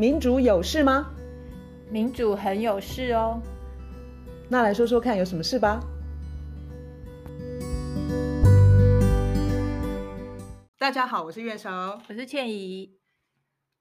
民主有事嗎？民主很有事哦。那來說說看，有什麼事吧？大家好，我是月城，我是倩怡。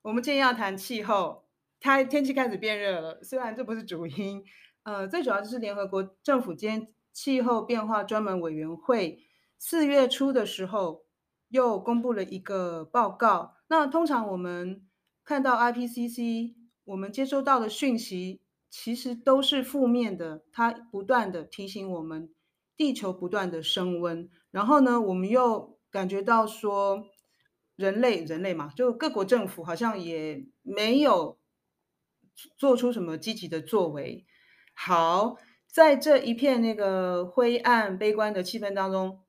我們今天要談氣候，天天氣開始變熱了，雖然這不是主因，呃，最主要就是聯合國政府間氣候變化專門委員會四月初的時候又公布了一個報告。那通常我們。看到 IPCC，我們接收到的訊息其實都是負面的，它不斷的提醒我們地球不斷的升溫，然後呢，我們又感覺到說人類，人類嘛，就各國政府好像也沒有做出什麼積極的作為。好，在這一片那個灰暗、悲觀的氣氛當中，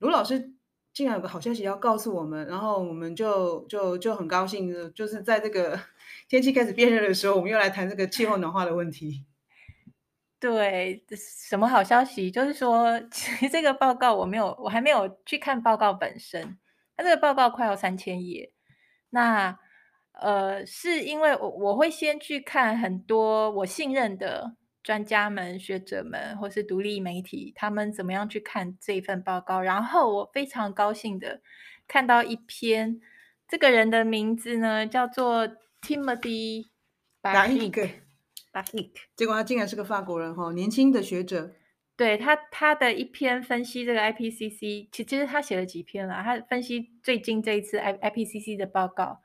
盧老師，竟然有個好消息，要告訴我們，然後我們就就就很高興，就是在這個天氣開始變熱的時候，我們又來談這個氣候暖化的問題。 對，什麼好消息？就是說，其實這個報告我沒有，我還沒有去看報告本身。它、啊、這個報告快要三千頁，那呃，是因為我我會先去看很多我信任的，專家們、學者們，或是獨立媒體，他們怎麼樣去看這一份報告？然後我非常高興的看到一篇，這個人的名字呢叫做 Timothée Parrique。Parrique。結果他竟然是個法國人，哦，哈，年輕的學者。對他，他的一篇分析這個 IPCC，其其實他寫了幾篇了，他分析最近這一次 IPCC 的報告。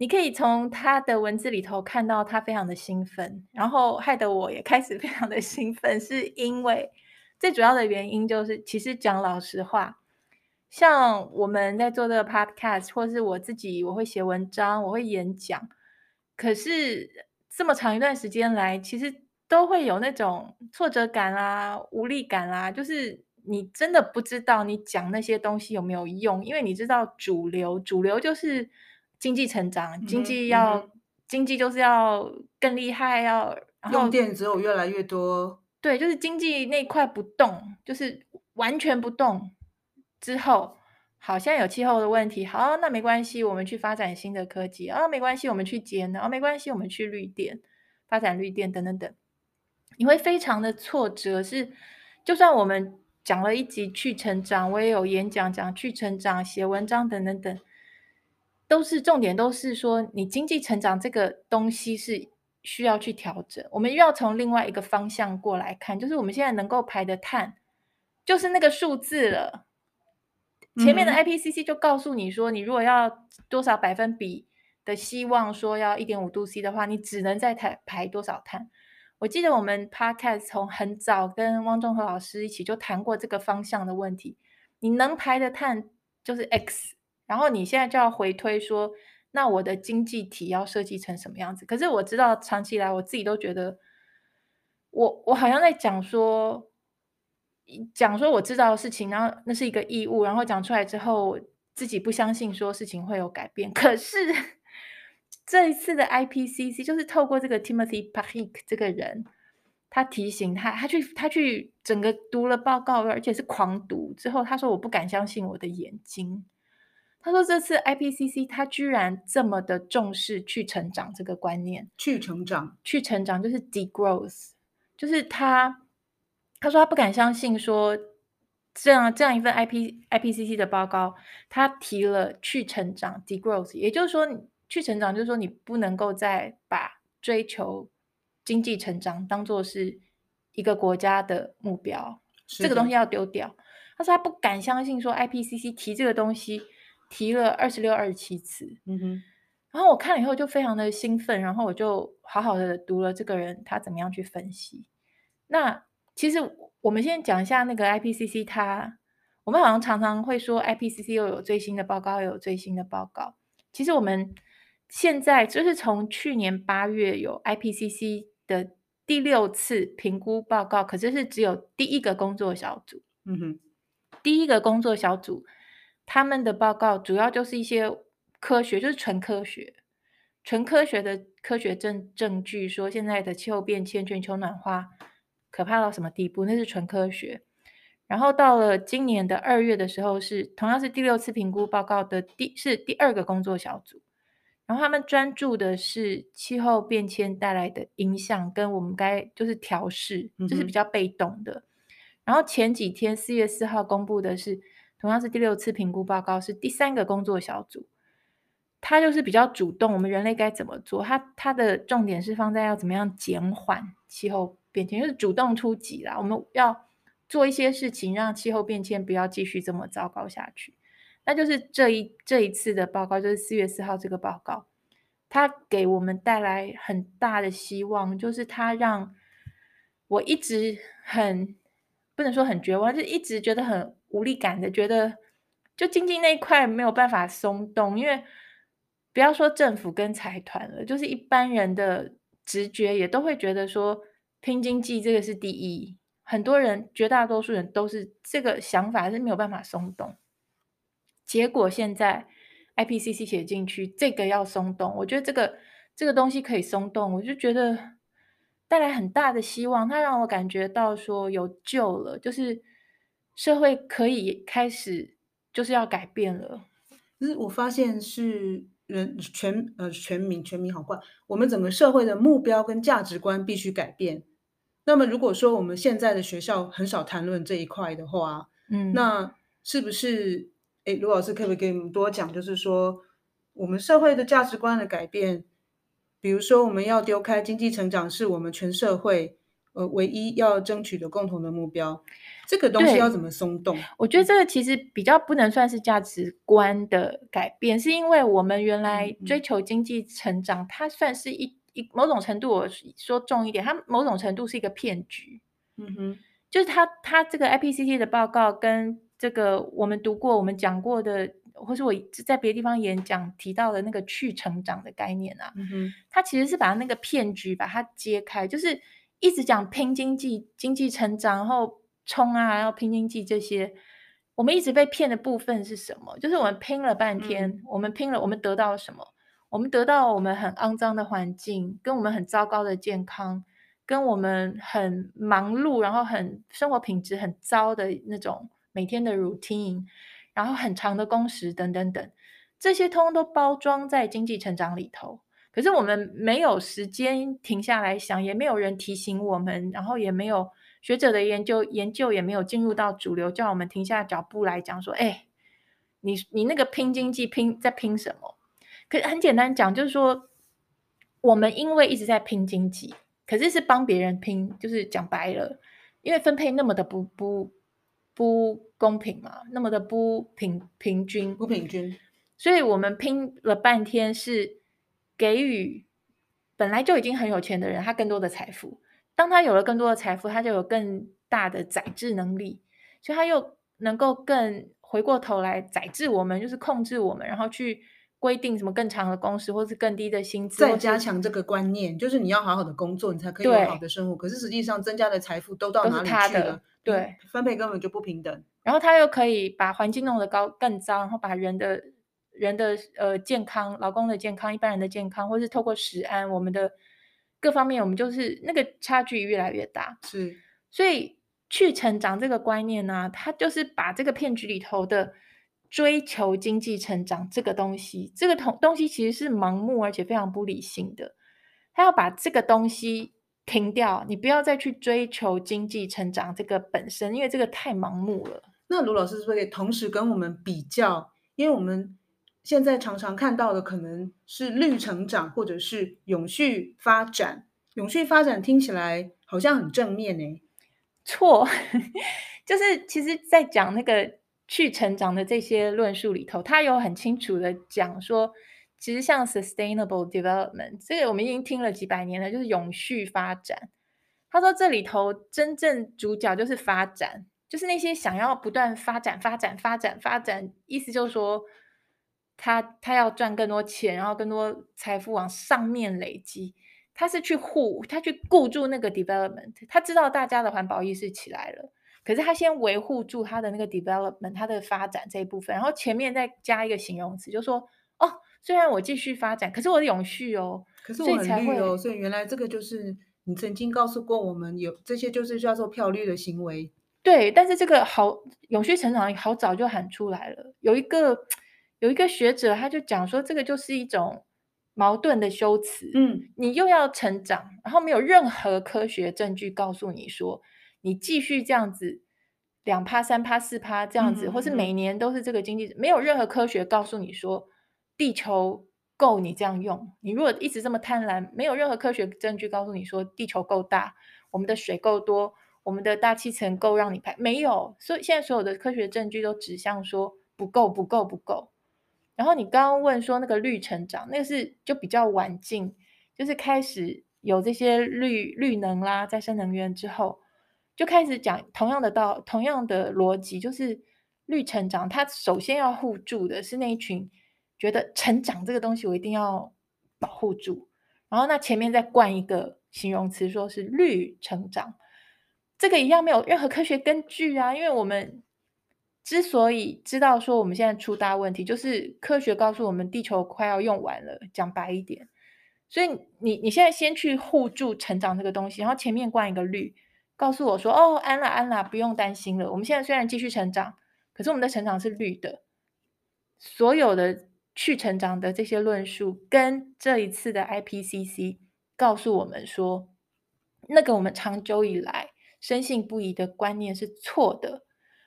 你可以從他的文字裡頭看到他非常的興奮，然後害得我也開始非常的興奮，是因為最主要的原因就是，其實講老實話，像我們在做這個 podcast，或是我自己我會寫文章，我會演講，可是這麼長一段時間來，其實都會有那種挫折感啦、啊、無力感啦、啊，就是你真的不知道你講那些東西有沒有用，因為你知道主流，主流就是。經濟成長，經濟要、嗯嗯、經濟就是要更厲害，嗯、要後用電只有越來越多。對，就是經濟那塊不動，就是完全不動之後，好，現在有氣候的問題，好，那沒關係，我們去發展新的科技啊，沒關係，我們去節能啊，沒關係，我們去綠電，發展綠電等等等，你會非常的挫折。是，就算我們講了一集去成長，我也有演講講去成長，寫文章等等等。都是重點，都是說你經濟成長這個東西是需要去調整。我們又要從另外一個方向過來看，就是我們現在能夠排的碳，就是那個數字了。前面的 IPCC 就告訴你說，你如果要多少百分比的希望說要一點五度 C 的話，你只能再排多少碳。我記得我們 Podcast 從很早跟汪中和老師一起就談過這個方向的問題。你能排的碳就是 X。然後你現在就要回推說，那我的經濟體要設計成什麼樣子？可是我知道，長期以來我自己都覺得，我我好像在講說，講說我知道的事情，然後那是一個義務，然後講出來之後，自己不相信說事情會有改變。可是這一次的 IPCC 就是透過這個 Timothée Parrique 這個人，他提醒他，他去他去整個讀了報告，而且是狂讀之後，他說，我不敢相信我的眼睛。他說：“這次 IPCC 他居然這麼的重視去成長這個觀念，去成長，去成長就是 degrowth。就是他他說他不敢相信，說這樣這樣一份 IP IPCC 的報告，他提了去成長 degrowth，也就是說，去成長就是說你不能夠再把追求經濟成長當做是一個國家的目標，這個東西要丟掉。他說他不敢相信，說 IPCC 提這個東西。”提了二十六、二十七次，嗯哼。然後我看了以後就非常的興奮，然後我就好好的讀了這個人他怎麼樣去分析。那其實我們先講一下那個 IPCC，他我們好像常常會說 IPCC 又有最新的報告，又有最新的報告。其實我們現在就是從去年八月有 IPCC 的第六次評估報告，可這是只有第一個工作小組，嗯哼，第一個工作小組。他們的報告主要就是一些科學，就是純科學、純科學的科學證證據，說現在的氣候變遷、全球暖化可怕到什麼地步，那是純科學。然後到了今年的二月的時候是，是同樣是第六次評估報告的第是第二個工作小組，然後他們專注的是氣候變遷帶來的影響跟我們該就是調適，這、就是比較被動的。嗯、然後前幾天四月四號公布的是。同樣是第六次評估報告，是第三個工作小組，它就是比較主動。我們人類該怎麼做？它它的重點是放在要怎麼樣減緩氣候變遷，就是主動出擊啦。我們要做一些事情，讓氣候變遷不要繼續這麼糟糕下去。那就是這一這一次的報告，就是四月四號這個報告，它給我們帶來很大的希望，就是它讓我一直很。不能說很絕望，就一直覺得很無力感的，覺得就經濟那一塊沒有辦法鬆動，因為不要說政府跟財團了，就是一般人的直覺也都會覺得說拼經濟這個是第一，很多人絕大多數人都是這個想法，是沒有辦法鬆動。結果現在 IPCC 寫進去這個要鬆動，我覺得這個這個東西可以鬆動，我就覺得。帶來很大的希望，它讓我感覺到說有救了，就是社會可以開始就是要改變了。就是我發現是人，全，呃，全民全民好壞，我們整個社會的目標跟價值觀必須改變。那麼如果說我們現在的學校很少談論這一塊的話，嗯，那是不是？哎，盧老師可不可以給我們多講，就是說我們社會的價值觀的改變？比如說，我們要丟開經濟成長，是我們全社會呃唯一要爭取的共同的目標，這個東西要怎麼鬆動？我覺得這個其實比較不能算是價值觀的改變，嗯、是因為我們原來追求經濟成長，嗯嗯，它算是一一某種程度，我說重一點，它某種程度是一個騙局。嗯哼、嗯，就是它它這個 IPCC 的報告跟這個我們讀過、我們講過的。或是我在別的地方演講提到的那個去成長的概念啊，它、嗯哼、其實是把那個騙局把它揭開，就是一直講拼經濟、經濟成長，然後衝啊，然後拼經濟這些，我們一直被騙的部分是什麼？就是我們拼了半天，嗯、我們拼了，我們得到了什麼？我們得到我們很骯髒的環境，跟我們很糟糕的健康，跟我們很忙碌，然後很生活品質很糟的那種每天的 routine。然後很長的工時等等等，這些通通都包裝在經濟成長裡頭。可是我們沒有時間停下來想，也沒有人提醒我們，然後也沒有學者的研究，研究也沒有進入到主流，叫我們停下腳步來講說：哎，你你那個拼經濟拼在拼什麼？可是很簡單講，就是說我們因為一直在拼經濟，可是是幫別人拼，就是講白了，因為分配那麼的不不。不公平嘛，那麼的不平平均，不平均，所以我們拼了半天是給予本來就已經很有錢的人他更多的財富。當他有了更多的財富，他就有更大的宰制能力，所以他又能夠更回過頭來宰制我們，就是控制我們，然後去規定什麼更長的工時或是更低的薪資，再加強這個觀念，就是你要好好的工作，你才可以有好的生活。可是實際上增加的財富都到哪裡去了？對，分配根本就不平等，然後他又可以把環境弄得高更糟，然後把人的、人的呃健康、勞工的健康、一般人的健康，或是透過食安，我們的各方面，我們就是那個差距越來越大。是，所以去成長這個觀念呢、啊，他就是把這個騙局裡頭的追求經濟成長這個東西，這個同東西其實是盲目而且非常不理性的，他要把這個東西。停掉，你不要再去追求經濟成長這個本身，因為這個太盲目了。那盧老師是不是可以同時跟我們比較？因為我們現在常常看到的可能是“綠成長”或者是“永續發展”。永續發展聽起來好像很正面呢、欸。錯， 就是其實，在講那個去成長的這些論述裡頭，他有很清楚的講說。其實像 sustainable development 這個我們已經聽了幾百年了，就是永續發展。他說這裡頭真正主角就是發展，就是那些想要不斷發展、發展、發展、發展，意思就是說他他要賺更多錢，然後更多財富往上面累積。他是去護，他去顧住那個 development。他知道大家的環保意識起來了，可是他先維護住他的那個 development，他的發展這一部分，然後前面再加一個形容詞，就是說。雖然我繼續發展，可是我是永續哦，可是我很綠哦，所以，所以原來這個就是你曾經告訴過我們有這些，就是叫做漂綠的行為。對，但是這個好永續成長好早就喊出來了。有一個有一個學者他就講說，這個就是一種矛盾的修辭。嗯，你又要成長，然後沒有任何科學證據告訴你說你繼續這樣子兩趴三趴四趴這樣子嗯嗯嗯，或是每年都是這個經濟，沒有任何科學告訴你說。地球夠你這樣用？你如果一直這麼貪婪，沒有任何科學證據告訴你說地球夠大，我們的水夠多，我們的大氣層夠讓你排。沒有，所以現在所有的科學證據都指向說不夠，不夠，不夠。不夠。然後你剛剛問說那個綠成長，那個是就比較晚近，就是開始有這些綠綠能啦、再生能源之後，就開始講同樣的道，同樣的邏輯，就是綠成長，它首先要互助的是那一群。覺得成長這個東西我一定要保護住，然後那前面再冠一個形容詞，說是綠成長，這個一樣沒有任何科學根據啊。因為我們之所以知道說我們現在出大問題，就是科學告訴我們地球快要用完了，講白一點。所以你你現在先去護住成長這個東西，然後前面冠一個綠，告訴我說：“哦，安啦安啦，不用擔心了。我們現在雖然繼續成長，可是我們的成長是綠的，所有的。”去成長的這些論述，跟這一次的 IPCC 告訴我們說，那個我們長久以來深信不疑的觀念是錯的，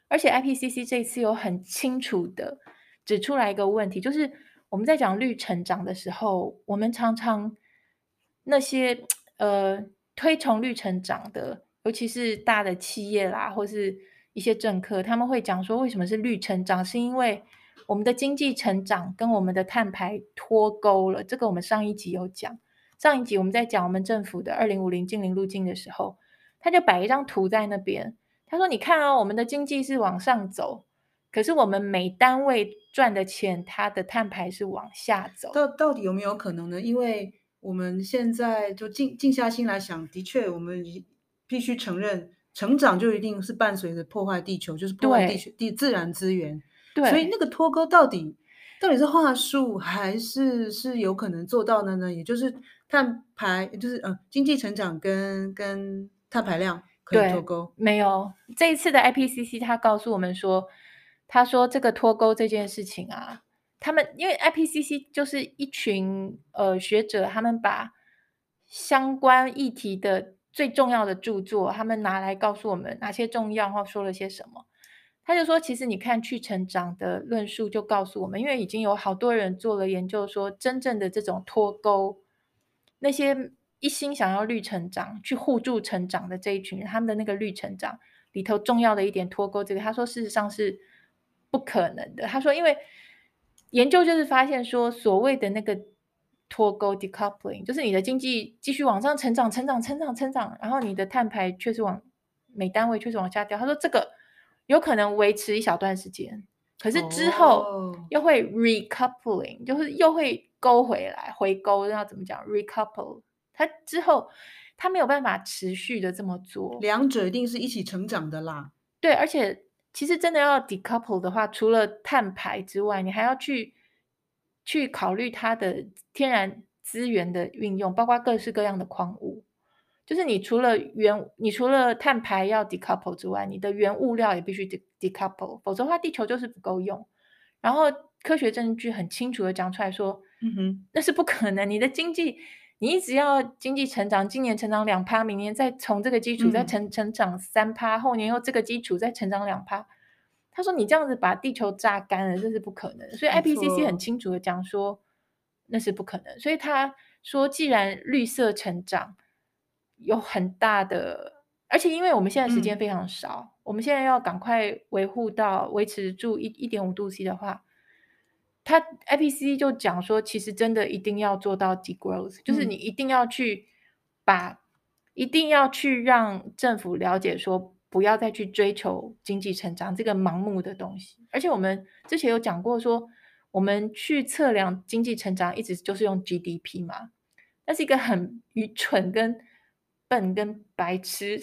而且 IPCC 這一次有很清楚的指出來一個問題，就是我們在講綠成長的時候，我們常常那些呃推崇綠成長的，尤其是大的企業啦，或是一些政客，他們會講說，為什麼是綠成長？是因為我們的經濟成長跟我們的碳排脫鈎了，這個我們上一集有講。上一集我們在講我們政府的二零五零淨零路徑的時候，他就擺一張圖在那邊，他說：“你看啊，哦，我們的經濟是往上走，可是我們每單位賺的錢，它的碳排是往下走。到到底有沒有可能呢？因為我們現在就靜靜下心來想，的確我們必須承認，成長就一定是伴隨着破壞地球，就是破壞地球的自然資源。”對，所以那個脫鈎到底，到底是話術還是是有可能做到的呢？也就是碳排，就是呃，經濟成長跟跟碳排量可以脫鈎？對，沒有，這一次的 IPCC 他告訴我們說，他說這個脫鈎這件事情啊，他們因為 IPCC 就是一群呃學者，他們把相關議題的最重要的著作，他們拿來告訴我們，哪些重要，或說了些什麼。他就說：“其實你看，去成長的論述就告訴我們，因為已經有好多人做了研究，說真正的這種脫鈎，那些一心想要綠成長、去互助成長的這一群人，他們的那個綠成長裡頭重要的一點脫鈎，這個他說事實上是不可能的。他說，因為研究就是發現說，所謂的那個脫鈎 （decoupling） 就是你的經濟繼續往上成長、成長、成長、成長，然後你的碳排確實往每單位確實往下掉。他說這個。”有可能維持一小段時間，可是之後又會 recoupling，oh. 就是又會勾回來，回勾要怎麼講？recouple，它之後它沒有辦法持續的這麼做。兩者一定是一起成長的啦。對，而且其實真的要 decouple 的話，除了碳排之外，你還要去去考慮它的天然資源的運用，包括各式各樣的礦物。就是你除了原你除了碳排要 decouple 之外，你的原物料也必須 decouple，-de 否則的話，地球就是不夠用。然後科學證據很清楚的講出來，說，嗯哼，那是不可能。你的經濟，你一直要經濟成長，今年成長兩趴，明年再從這個基礎再成、嗯、成長三趴，後年又這個基礎再成長兩趴。他說你這樣子把地球榨乾了，這是不可能。所以 IPCC 很清楚的講說，那是不可能。所以他說，既然綠色成長。有很大的，而且因為我們現在時間非常少，嗯、我們現在要趕快維護到維持住一一點五度 C 的話，它 IPCC 就講說，其實真的一定要做到 degrowth，就是你一定要去把、嗯，一定要去讓政府了解說，不要再去追求經濟成長這個盲目的東西。而且我們之前有講過說，說我們去測量經濟成長一直就是用 GDP 嘛，那是一個很愚蠢跟。笨跟白癡，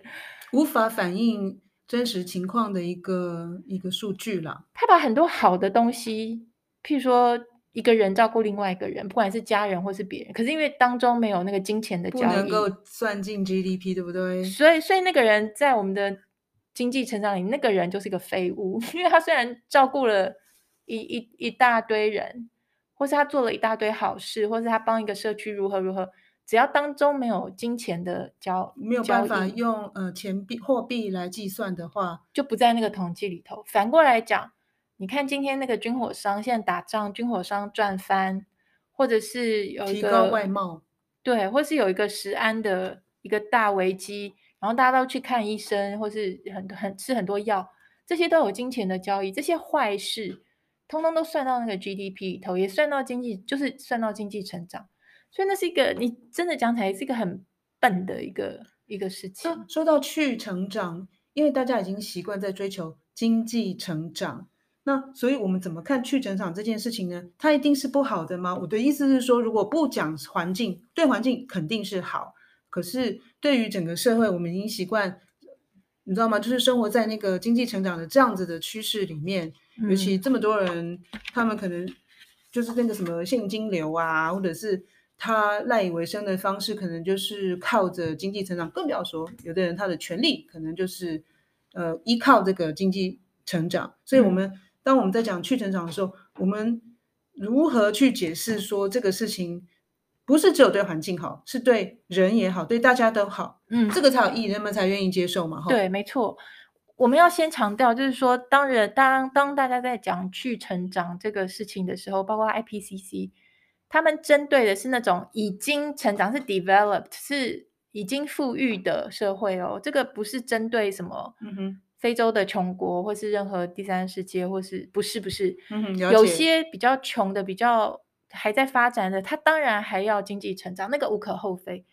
無法反映真實情況的一個一個數據了。他把很多好的東西，譬如說一個人照顧另外一個人，不管是家人或是別人，可是因為當中沒有那個金錢的交易，不能夠算進 GDP，對不對？所以，所以那個人在我們的經濟成長裡，那個人就是個廢物，因為他雖然照顧了一一一大堆人，或是他做了一大堆好事，或是他幫一個社區如何如何。只要當中沒有金錢的交，沒有辦法用呃錢幣貨幣來計算的話，就不在那個統計裡頭。反過來講，你看今天那個軍火商現在打仗，軍火商賺翻，或者是有一個提高外貿，對，或是有一個食安的一個大危機，然後大家都去看醫生，或是很很吃很多藥，這些都有金錢的交易，這些壞事，通通都算到那個 GDP 裡頭，也算到經濟，就是算到經濟成長。所以那是一個你真的講起來是一個很笨的一個一個事情。啊，說到去成長，因為大家已經習慣在追求經濟成長，那所以我們怎麼看去成長這件事情呢？它一定是不好的嗎？我的意思是說，如果不講環境，對環境肯定是好，可是對於整個社會，我們已經習慣，你知道嗎？就是生活在那個經濟成長的這樣子的趨勢裡面，尤其這麼多人，嗯。他們可能就是那個什麼現金流啊，或者是。他賴以為生的方式，可能就是靠着經濟成長。更不要說，有的人他的權利，可能就是呃依靠這個經濟成長。所以，我們當我們在講去成長的時候，我們如何去解釋說這個事情不是只有對環境好，是對人也好，對大家都好，嗯，這個才有意義，人們才願意接受嘛、嗯。哈，對，沒錯。我們要先強調，就是說當，當人當當大家在講去成長這個事情的時候，包括 IPCC。他們針對的是那種已經成長、是 developed、是已經富裕的社會哦，這個不是針對什麼非洲的窮國，或是任何第三世界，或是不是不是、嗯，有些比較窮的、比較還在發展的，他當然還要經濟成長，那個無可厚非。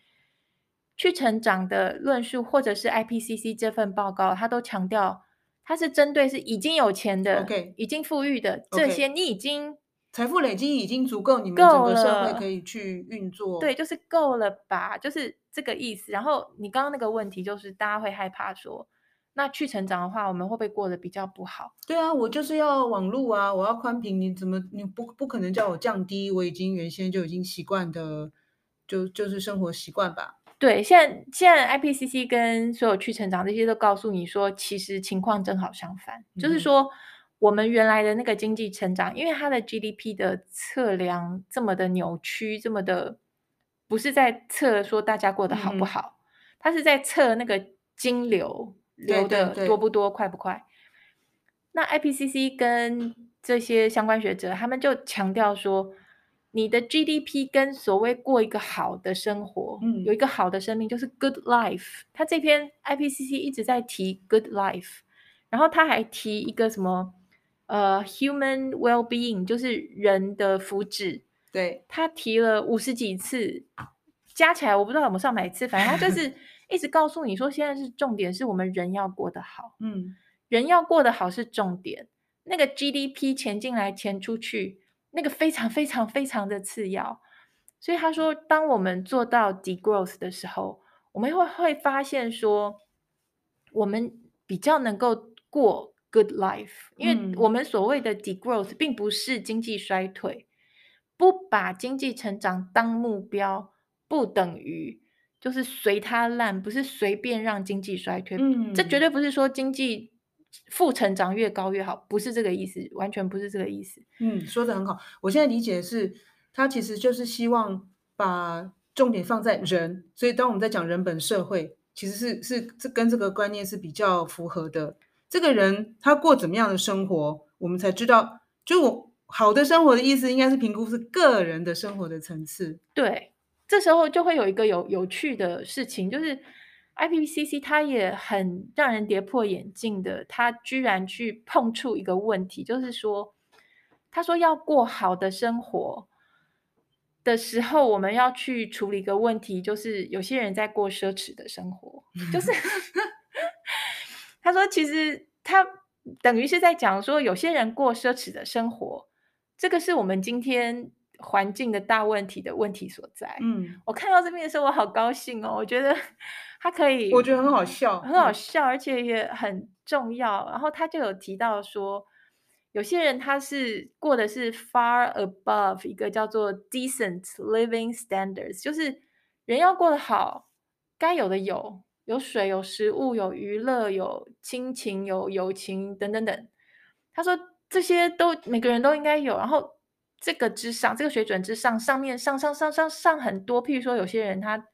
去成長的論述，或者是 IPCC 這份報告，它都強調它是針對是已經有錢的、okay. 已經富裕的這些，你已經。Okay. 財富累積已經足夠你們整個社會可以去運作，對，就是夠了吧，就是這個意思。然後你剛剛那個問題就是，大家會害怕說，那去成長的話，我們會不會過得比較不好？對啊，我就是要網路啊，我要寬頻，你怎麼你不不可能叫我降低？我已經原先就已經習慣的，就就是生活習慣吧。對，現在現在 IPCC 跟所有去成長這些都告訴你說，其實情況正好相反，嗯、就是說。我們原來的那個經濟成長，因為它的 GDP 的測量這麼的扭曲，這麼的不是在測說大家過得好不好，嗯、它是在測那個金流流的多不多，對對對、快不快。那 IPCC 跟這些相關學者，他們就強調說，你的 GDP 跟所謂過一個好的生活，嗯、有一個好的生命就是 good life。他這篇 IPCC 一直在提 good life，然後他還提一個什麼？呃、uh，human well-being 就是人的福祉，對，他提了五十幾次，加起來我不知道怎麼上百次，反正他就是一直告訴你說，現在是重點，是我們人要過得好，嗯， 人要過得好是重點，嗯、那個 GDP 錢進來錢出去，那個非常非常非常的次要，所以他說，當我們做到 degrowth 的時候，我們會會發現說，我們比較能夠過。Good life，因為我們所謂的 degrowth 並不是經濟衰退，不把經濟成長當目標，不等於就是隨它爛，不是隨便讓經濟衰退。嗯，這絕對不是說經濟負成長越高越好，不是這個意思，完全不是這個意思。嗯，說得很好，我現在理解的是，他其實就是希望把重點放在人，所以當我們在講人本社會，其實是是這跟這個觀念是比較符合的。這個人他過怎麼樣的生活，我們才知道。就好的生活的意思，應該是評估是個人的生活的層次。對，這時候就會有一個有有趣的事情，就是 IPCC 他也很讓人跌破眼鏡的，他居然去碰觸一個問題，就是說，他說要過好的生活的時候，我們要去處理一個問題，就是有些人在過奢侈的生活，就是。 他說：“其實他等於是在講說，有些人過奢侈的生活，這個是我們今天環境的大問題的問題所在。”嗯，我看到這邊的時候，我好高興哦，我覺得他可以，我覺得很好笑，很好笑，而且也很重要，嗯。然後他就有提到說，有些人他是過的是 far above 一個叫做 decent living standards，就是人要過得好，該有的有。有水，有食物，有娛樂，有親情，有友情，等等等。他說，這些都每個人都應該有。然後這個之上，這個水準之上，上面上上上上上很多。譬如說，有些人他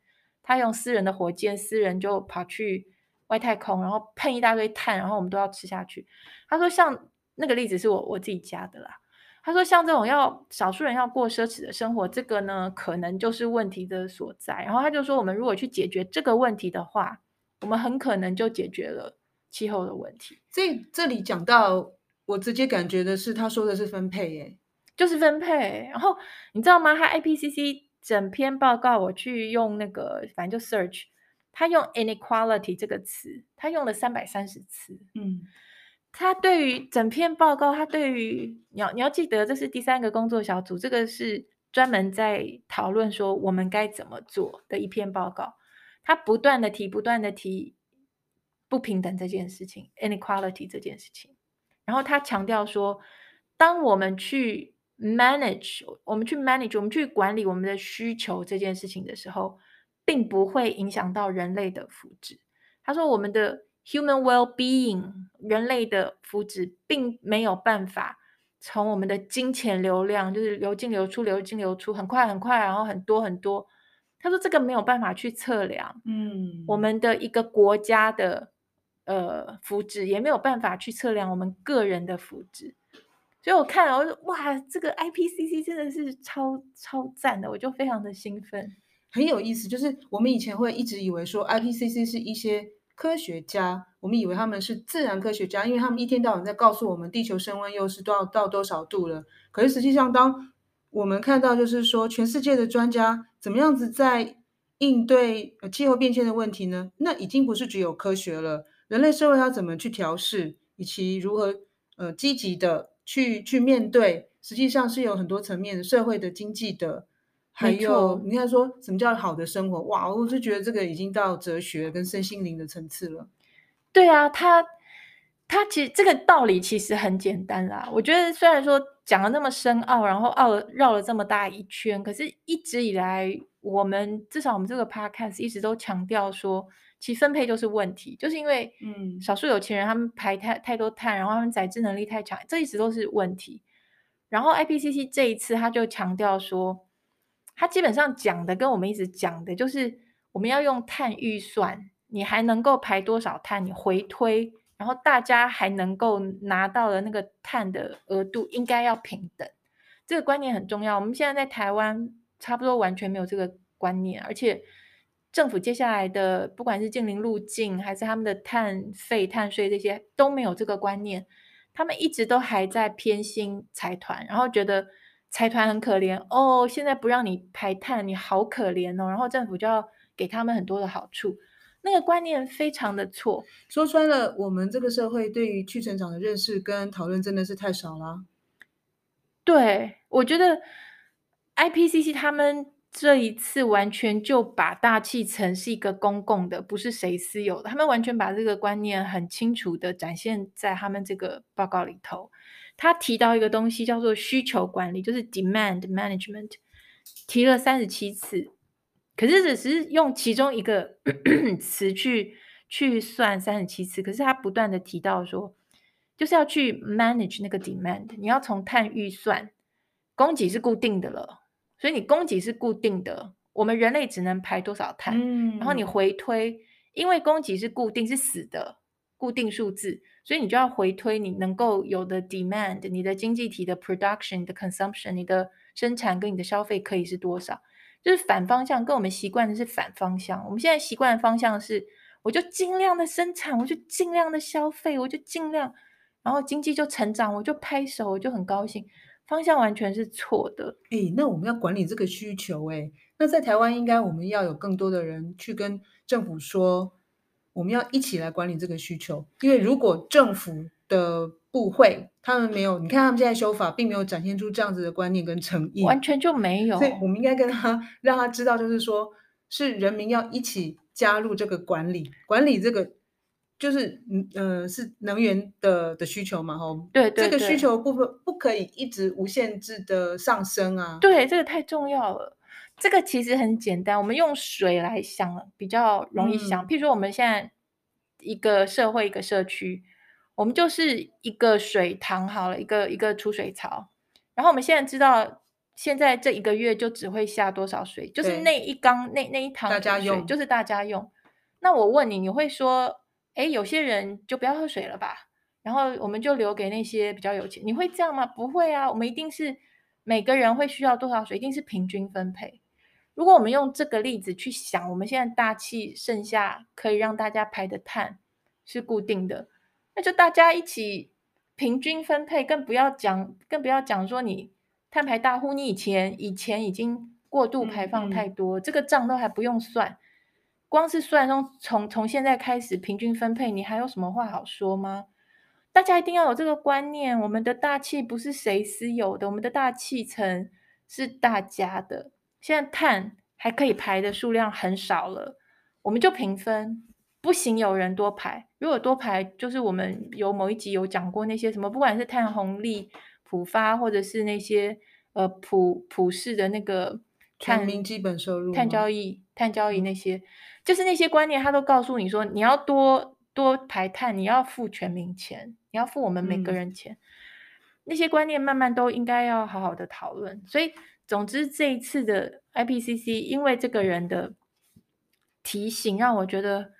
他用私人的火箭，私人就跑去外太空，然後噴一大堆碳，然後我們都要吃下去。他說像那個例子是我我自己加的啦。他說像這種要少數人要過奢侈的生活，這個呢可能就是問題的所在。然後他就說，我們如果去解決這個問題的話，我們很可能就解決了氣候的問題。這這裡講到，我直接感覺的是，他說的是分配，耶，就是分配。然後你知道嗎？他 IPCC 整篇報告，我去用那個，反正就 search，他用 inequality 這個詞，他用了三百三十次。嗯，他對於整篇報告，他對於你要你要記得，這是第三個工作小組，這個是專門在討論說我們該怎麼做的一篇報告。他不斷的提，不斷的提不平等這件事情，inequality 這件事情。然後他強調說，當我們去 manage，我們去 manage，我們去，我們去管理我們的需求這件事情的時候，並不會影響到人類的福祉。他說，我們的 human well being，人類的福祉，並沒有辦法從我們的金錢流量，就是流進流出，流進流出，很快很快，然後很多很多。他說：“這個沒有辦法去測量，嗯，我們的一個國家的呃福祉，也沒有辦法去測量我們個人的福祉。所以我看了，我說哇，這個 IPCC 真的是超超贊的，我就非常的興奮，很有意思。就是我們以前會一直以為說 IPCC 是一些科學家，我們以為他們是自然科學家，因為他們一天到晚在告訴我們地球升溫又是多少到多少度了。可是實際上當……我們看到，就是說，全世界的專家怎麼樣子在應對氣候變遷的問題呢？那已經不是只有科學了，人類社會要怎麼去調試，以及如何呃積極的去去面對，實際上是有很多層面的，社會的、經濟的，還有你看說什麼叫好的生活？哇，我就覺得這個已經到哲學跟身心靈的層次了。對啊，他他其實這個道理其實很簡單啦。我覺得雖然說，講了那麼深奧，然後繞了繞了這麼大一圈，可是一直以來，我們至少我們這個 podcast 一直都強調說，其實分配就是問題，就是因為，嗯，少數有錢人他們排太太多碳，然後他們宰制能力太強，這一直都是問題。然後 IPCC 這一次他就強調說，他基本上講的跟我們一直講的就是，我們要用碳預算，你還能夠排多少碳，你回推。然後大家還能夠拿到的那個碳的額度，應該要平等。這個觀念很重要。我們現在在台灣，差不多完全沒有這個觀念，而且政府接下來的，不管是淨零路徑，還是他們的碳費、碳稅這些，都沒有這個觀念。他們一直都還在偏心財團，然後覺得財團很可憐哦，現在不讓你排碳，你好可憐哦。然後政府就要給他們很多的好處。那個觀念非常的錯，說穿了，我們這個社會對於去成長的認識跟討論真的是太少了。對，我覺得 IPCC 他們這一次完全就把大氣層是一個公共的，不是誰私有的，他們完全把這個觀念很清楚地展現在他們這個報告裡頭。他提到一個東西叫做需求管理，就是 demand management，提了三十七次。可是只是用其中一個 詞去去算三十七次，可是他不斷地提到說，就是要去 manage 那個 demand，你要從碳預算，供給是固定的了，所以你供給是固定的，我們人類只能排多少碳，嗯、然後你回推，因為供給是固定是死的，固定數字，所以你就要回推你能夠有的 demand，你的經濟體的 production 你的 consumption，你的生產跟你的消費可以是多少。就是反方向，跟我們習慣的是反方向。我們現在習慣的方向是，我就儘量的生產，我就儘量的消費，我就儘量，然後經濟就成長，我就拍手，我就很高興。方向完全是錯的。誒，欸，那我們要管理這個需求，欸，誒，那在台灣應該我們要有更多的人去跟政府說，我們要一起來管理這個需求，因為如果政府的。不會，他們沒有。你看，他們現在修法，並沒有展現出這樣子的觀念跟誠意，完全就沒有。所以我們應該跟他讓他知道，就是說，是人民要一起加入這個管理，管理這個就是嗯呃，是能源的的需求嘛，吼。對對對。這個需求部分不可以一直無限制的上升啊。對，這個太重要了。這個其實很簡單，我們用水來想，比較容易想。嗯。譬如說，我們現在一個社會，一個社區。我們就是一個水塘，好了，一個一個儲水槽。然後我們現在知道，現在這一個月就只會下多少水，就是那一缸，那那一塘的水，就是大家，大家用。那我問你，你會說，哎，有些人就不要喝水了吧？然後我們就留給那些比較有錢，你會這樣嗎？不會啊，我們一定是每個人會需要多少水，一定是平均分配。如果我們用這個例子去想，我們現在大氣剩下可以讓大家排的碳是固定的。那就大家一起平均分配，更不要講，更不要講說你碳排大戶，你以前以前已經過度排放太多，嗯嗯這個賬都還不用算。光是算中，從從現在開始平均分配，你還有什麼話好說嗎？大家一定要有這個觀念，我們的大氣不是誰私有的，我們的大氣層是大家的。現在碳還可以排的數量很少了，我們就平分。不行，有人多排。如果多排，就是我們有某一集有講過那些什麼，不管是碳紅利普發，或者是那些呃普普世的那個全民基本收入、碳交易、碳交易那些，嗯、就是那些觀念，他都告訴你說，你要多多排碳，你要付全民錢，你要付我們每個人錢、嗯。那些觀念慢慢都應該要好好的討論。所以，總之這一次的 IPCC，因為這個人的提醒，讓我覺得。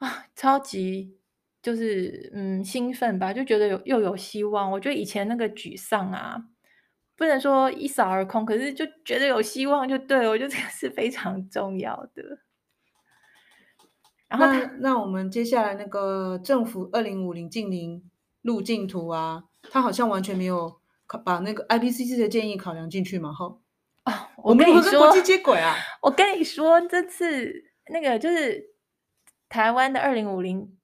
啊，超級就是嗯興奮吧，就覺得有又有希望。我覺得以前那個沮喪啊，不能說一掃而空，可是就覺得有希望就對了，我覺得這個是非常重要的。然後那，那我們接下來那個政府二零五零淨零路徑圖啊，他好像完全沒有把那個 I P C C 的建議考量進去嘛？哈，啊，我跟你說，我跟、啊、我，跟國際接軌啊，我跟你說我跟你說這次那個就是。台灣的二零五零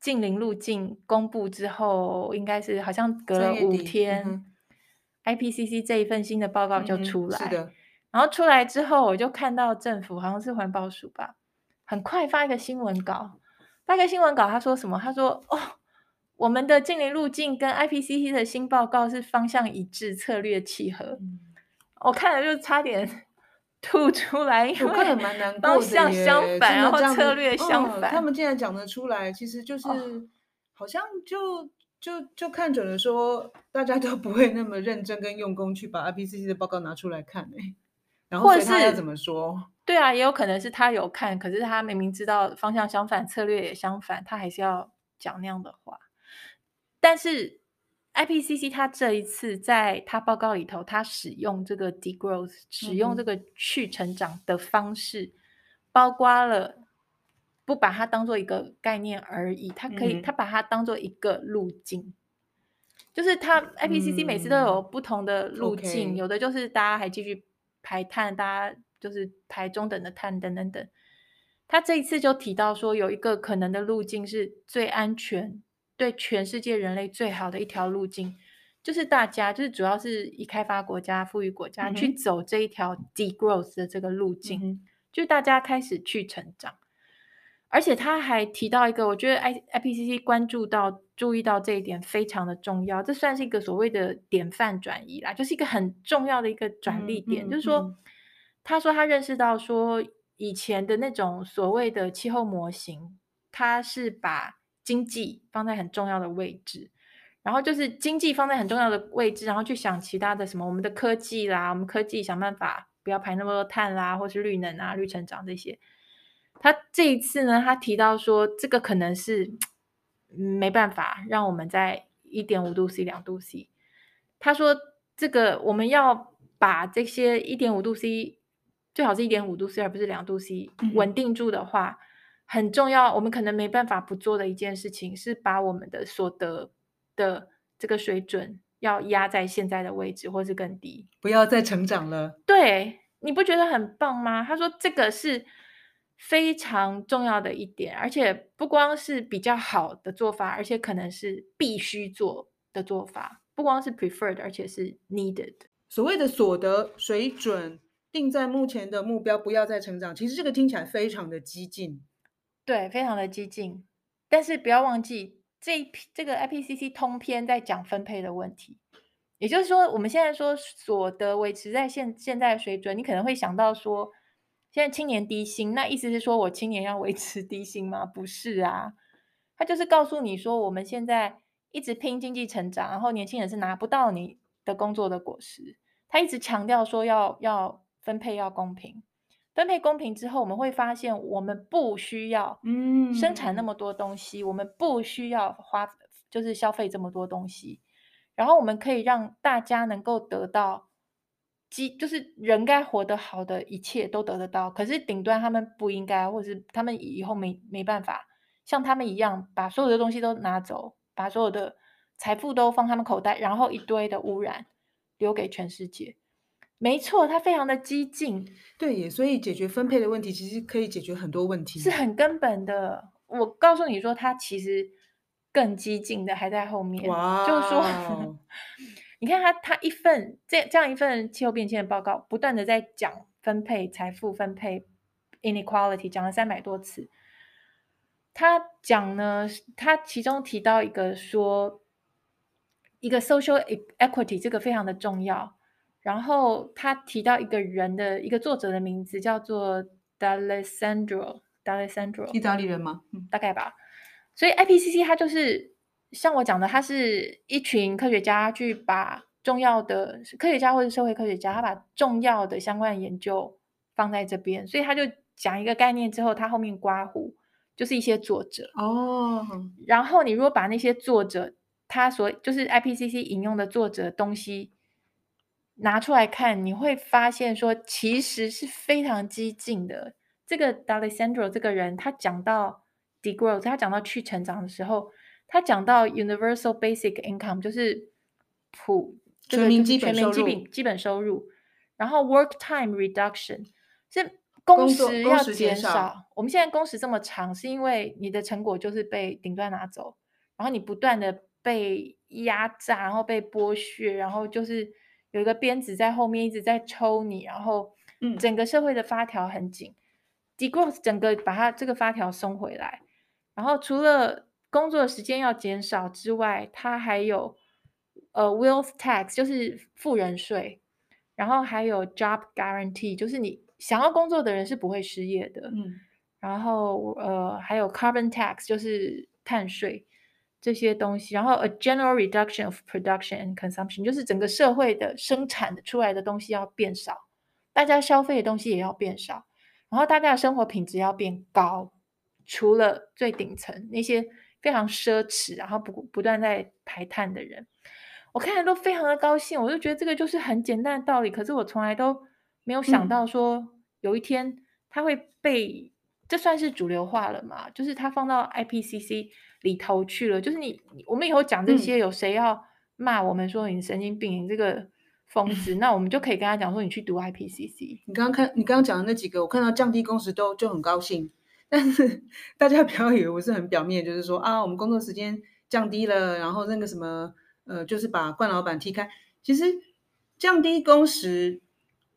近零路徑公布之後，應該是好像隔了五天這、嗯、，IPCC 這一份新的報告就出來。嗯、然後出來之後，我就看到政府好像是環保署吧，很快發一個新聞稿。發一個新聞稿，他說什麼？他說：“哦，我們的近零路徑跟 IPCC 的新報告是方向一致，策略契合。嗯”我看了就差點。吐出來，我個人蠻難過的耶。真的、就是、這樣子，嗯、他們竟然講得出來，其實就是、哦、好像就就就看準了說，說大家都不會那麼認真跟用功去把 I P C C 的報告拿出來看誒。或者是大家怎麼說？對啊，也有可能是他有看，可是他明明知道方向相反，策略也相反，他還是要講那樣的話，但是。IPCC，他這一次在他報告裡頭，他使用這個 degrowth，使用這個去成長的方式，嗯、包括了，不把它當做一個概念而已，它可以，他、嗯、把它當做一個路徑，就是他 IPCC 每次都有不同的路徑，嗯 okay. 有的就是大家還繼續排碳，大家就是排中等的碳等等等，他這一次就提到說有一個可能的路徑是最安全，對全世界人類最好的一條路徑，就是大家就是主要是已開發國家、富裕國家去走這一條 degrowth 的這個路徑，mm -hmm. 就大家開始去成長。而且他還提到一個，我覺得 I IPCC 關注到、注意到這一點非常的重要，這算是一個所謂的典範轉移啦，就是一個很重要的一個轉捩點。Mm -hmm. 就是說，他說他認識到說，以前的那種所謂的氣候模型，他是把。經濟放在很重要的位置，然後就是經濟放在很重要的位置，然後去想其他的什麼，我們的科技啦，我們科技想辦法不要排那麼多碳啦，或是綠能啊、綠成長這些。他這一次呢，他提到說，這個可能是沒辦法讓我們在一點五度 C、兩度 C。他說，這個我們要把這些一點五度 C，最好是一點五度 C 而不是兩度 C 穩定住的話。嗯很重要，我們可能沒辦法不做的一件事情是把我們的所得的這個水準要壓在現在的位置，或是更低，不要再成長了。對，你不覺得很棒嗎？他說這個是非常重要的一點，而且不光是比較好的做法，而且可能是必須做的做法。不光是 preferred，而且是 needed。所謂的所得水準定在目前的目標，不要再成長，其實這個聽起來非常的激進。對，非常的激進，但是不要忘記，這一批這個 IPCC 通篇在講分配的問題，也就是說，我們現在說所得維持在現現在的水準，你可能會想到說，現在青年低薪，那意思是說我青年要維持低薪嗎？不是啊，他就是告訴你說，我們現在一直拼經濟成長，然後年輕人是拿不到你的工作的果實，他一直強調說要要分配要公平。分配公平之後，我們會發現，我們不需要嗯生產那麼多東西，嗯、我們不需要花就是消費這麼多東西，然後我們可以讓大家能夠得到，即就是人該活得好的一切都得得到。可是頂端他們不應該，或者是他們以後沒沒辦法像他們一樣把所有的東西都拿走，把所有的財富都放他們口袋，然後一堆的污染留給全世界。沒錯，它非常的激進，對耶，所以解決分配的問題，其實可以解決很多問題，是很根本的。我告訴你說，它其實更激進的還在後面。Wow. 就是說， 你看他，他一份這這樣一份氣候變遷的報告，不斷的在講分配、財富分配、inequality，講了三百多次。他講呢，他其中提到一個說，一個 social equity，這個非常的重要。然後他提到一個人的一個作者的名字叫做 Dall' a e s s a n d r o d a l l a e s s a n d r o 意大利人嗎？嗯，大概吧。所以 IPCC 它就是像我講的，它是一群科學家去把重要的科學家或者社會科學家，他把重要的相關的研究放在這邊。所以他就講一個概念之後，他後面刮胡就是一些作者哦。Oh. 然後你如果把那些作者他所就是 IPCC 引用的作者的東西。拿出來看，你會發現說，其實是非常激進的。這個 Dalesandro 這個人，他講到 degrowth，他講到去成長的時候，他講到 universal basic income，就是普全民基本收入，就是、基本收入。然後 work time reduction，是工時要減少。我們現在工時這麼長，是因為你的成果就是被頂端拿走，然後你不斷的被壓榨，然後被剝削，然後就是。有一個鞭子在後面一直在抽你，然後，嗯，整個社會的發條很緊，degrowth 整個把它這個發條鬆回來，然後除了工作時間要減少之外，它還有呃 wealth tax 就是富人稅，然後還有 job guarantee 就是你想要工作的人是不會失業的，嗯，然後呃還有 carbon tax 就是碳稅。這些東西，然後 a general reduction of production and consumption，就是整個社會的生產出來的東西要變少，大家消費的東西也要變少，然後大家的生活品質要變高，除了最頂層那些非常奢侈，然後不不斷在排碳的人，我看着都非常的高興，我就覺得這個就是很簡單的道理，可是我從來都沒有想到說有一天它會被這、嗯、算是主流化了嘛，就是它放到 IPCC。裡頭去了，就是你我們以後講這些、嗯，有誰要罵我們說你神經病、嗯，你這個瘋子，那我們就可以跟他講說你去讀 IPCC。你剛剛看，你剛剛講的那幾個，我看到降低工時都就很高興。但是大家不要以為我是很表面，就是說啊，我們工作時間降低了，然後那個什麼，呃，就是把慣老闆踢開。其實降低工時，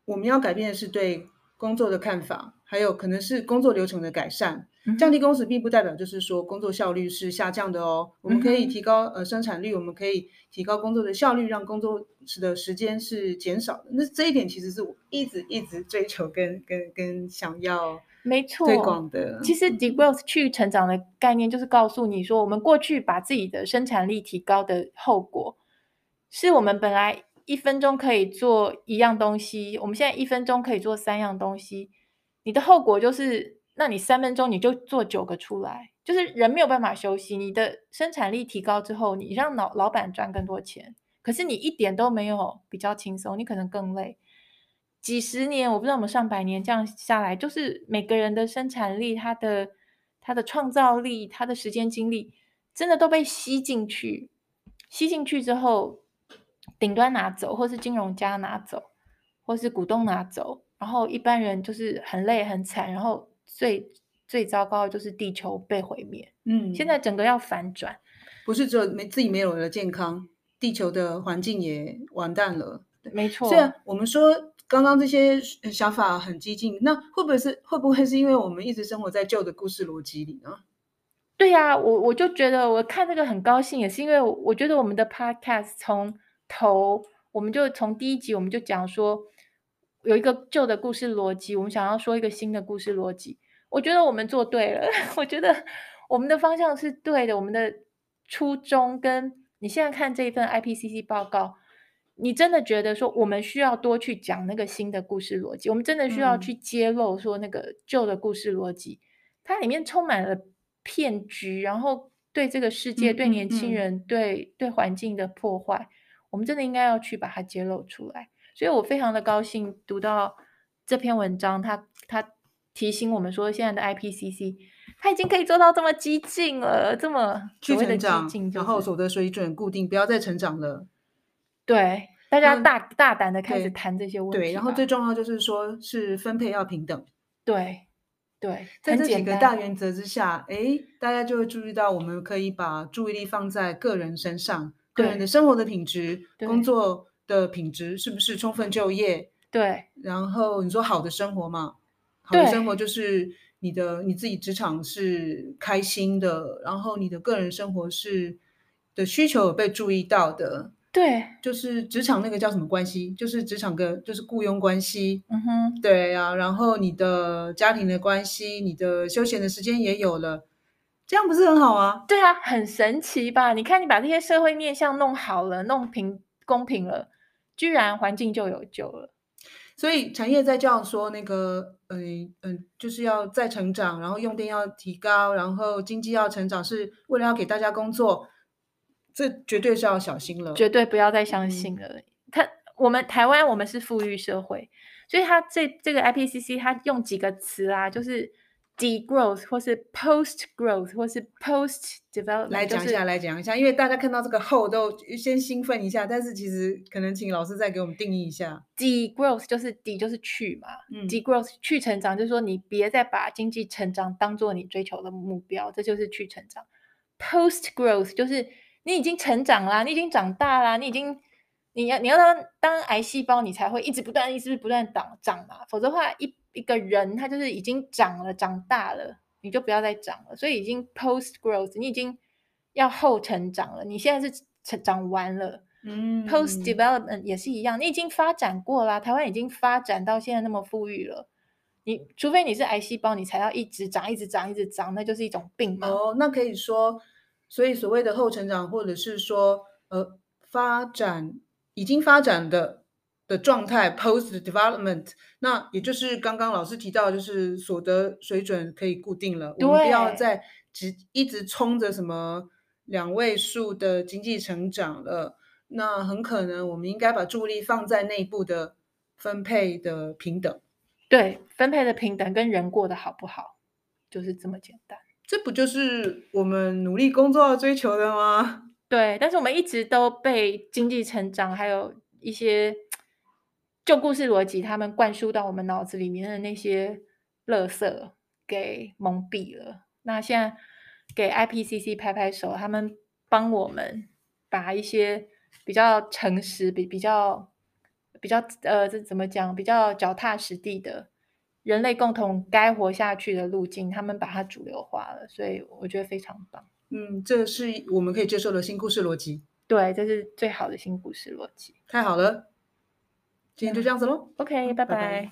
我們要改變的是對工作的看法，還有可能是工作流程的改善。降低工時並不代表就是說工作效率是下降的哦。我們可以提高呃生產率、嗯，我們可以提高工作的效率，讓工作時的時間是減少的。那這一點其實是我一直一直追求跟跟跟想要推廣的沒錯。其實，degrowth 去成長的概念就是告訴你說，我們過去把自己的生產力提高的後果，是我們本來一分鐘可以做一樣東西，我們現在一分鐘可以做三樣東西，你的後果就是。那你三分鐘你就做九個出來，就是人沒有辦法休息。你的生產力提高之後，你讓老老板賺更多錢，可是你一點都沒有比較輕鬆，你可能更累。幾十年，我不知道我們上百年這樣下來，就是每個人的生產力、他的他的創造力、他的時間精力，真的都被吸進去，吸進去之後，頂端拿走，或是金融家拿走，或是股東拿走，然後一般人就是很累很慘，然後。最最糟糕的就是地球被毀滅。嗯，現在整個要反轉，不是只有沒自己沒有了健康，地球的環境也完蛋了。沒錯。雖然我們說剛剛這些想法很激進，那會不會是會不會是因為我們一直生活在舊的故事邏輯裡呢？對呀，啊，我我就覺得我看這個很高興，也是因為我覺得我們的 podcast 從頭，我們就從第一集我們就講說。有一個舊的故事邏輯，我們想要說一個新的故事邏輯。我覺得我們做對了，我覺得我們的方向是對的，我們的初衷跟你現在看這一份 IPCC 報告，你真的覺得說我們需要多去講那個新的故事邏輯，我們真的需要去揭露說那個舊的故事邏輯，嗯、它裡面充滿了騙局，然後對這個世界、嗯嗯嗯對年輕人、對對環境的破壞，我們真的應該要去把它揭露出來。所以我非常的高興讀到這篇文章，他他提醒我們說，現在的 IPCC 他已經可以做到這麼激進了，這麼、就是、去成長，然後所得水準固定，不要再成長了。對，大家大大膽的開始談這些問題。對，然後最重要就是說是分配要平等。對，對，在這幾個大原則之下，誒，大家就會注意到，我們可以把注意力放在個人身上，個人的生活的品質，對，工作。對的品質是不是充分就業？對，然後你說好的生活嘛，好的生活就是你的你自己職場是開心的，然後你的個人生活是的需求有被注意到的。對，就是職場那個叫什麼關係？就是職場跟就是雇傭關係。嗯哼，對啊，然後你的家庭的關係，你的休閒的時間也有了，這樣不是很好啊？對啊，很神奇吧？你看你把那些社會面向弄好了，弄平公平了。居然環境就有救了，所以產業在這樣說那個，嗯、呃、嗯、呃，就是要再成長，然後用電要提高，然後經濟要成長，是為了要給大家工作，這絕對是要小心了，絕對不要再相信了。嗯、他我們台灣我們是富裕社會，所以他這這個 I P C C 他用幾個詞啊，就是。de growth 或是 post growth 或是 post development 來講一下、就是、來講一下，因為大家看到這個後都先興奮一下，但是其實可能請老師再給我們定義一下。de growth 就是 de 就是去嘛、嗯、，de growth 去成長，就是說你別再把經濟成長當作你追求的目標，這就是去成長。post growth 就是你已經成長啦，你已經長大啦，你已經你要你要當當癌細胞，你才會一直不斷一直不斷長嘛，否則的話一。一個人他就是已經長了長大了，你就不要再長了。所以已經 post growth，你已經要後成長了。你現在是成長完了，嗯，post development 也是一樣，你已經發展過了啊。台灣已經發展到現在那麼富裕了，你除非你是癌細胞，你才要一直長、一直長、一直長，一直長那就是一種病嘛。哦，那可以說，所以所謂的後成長，或者是說，呃，發展已經發展的，的狀態 post development，那也就是剛剛老師提到，就是所得水準可以固定了，我們不要再一直衝着什麼兩位數的經濟成長了。那很可能我們應該把注意力放在內部的分配的平等。對，分配的平等跟人過得好不好，就是這麼簡單。這不就是我們努力工作追求的嗎？對，但是我們一直都被經濟成長還有一些。舊故事邏輯，他們灌輸到我們腦子裡面的那些垃圾，給蒙蔽了。那現在給 IPCC 拍拍手，他們幫我們把一些比較誠實、比比較比較呃，這怎麼講？比較腳踏實地的人類共同該活下去的路徑，他們把它主流化了。所以我覺得非常棒。嗯，這是我們可以接受的新故事邏輯。對，這是最好的新故事邏輯。太好了。今天就這樣子嘍，OK，拜拜。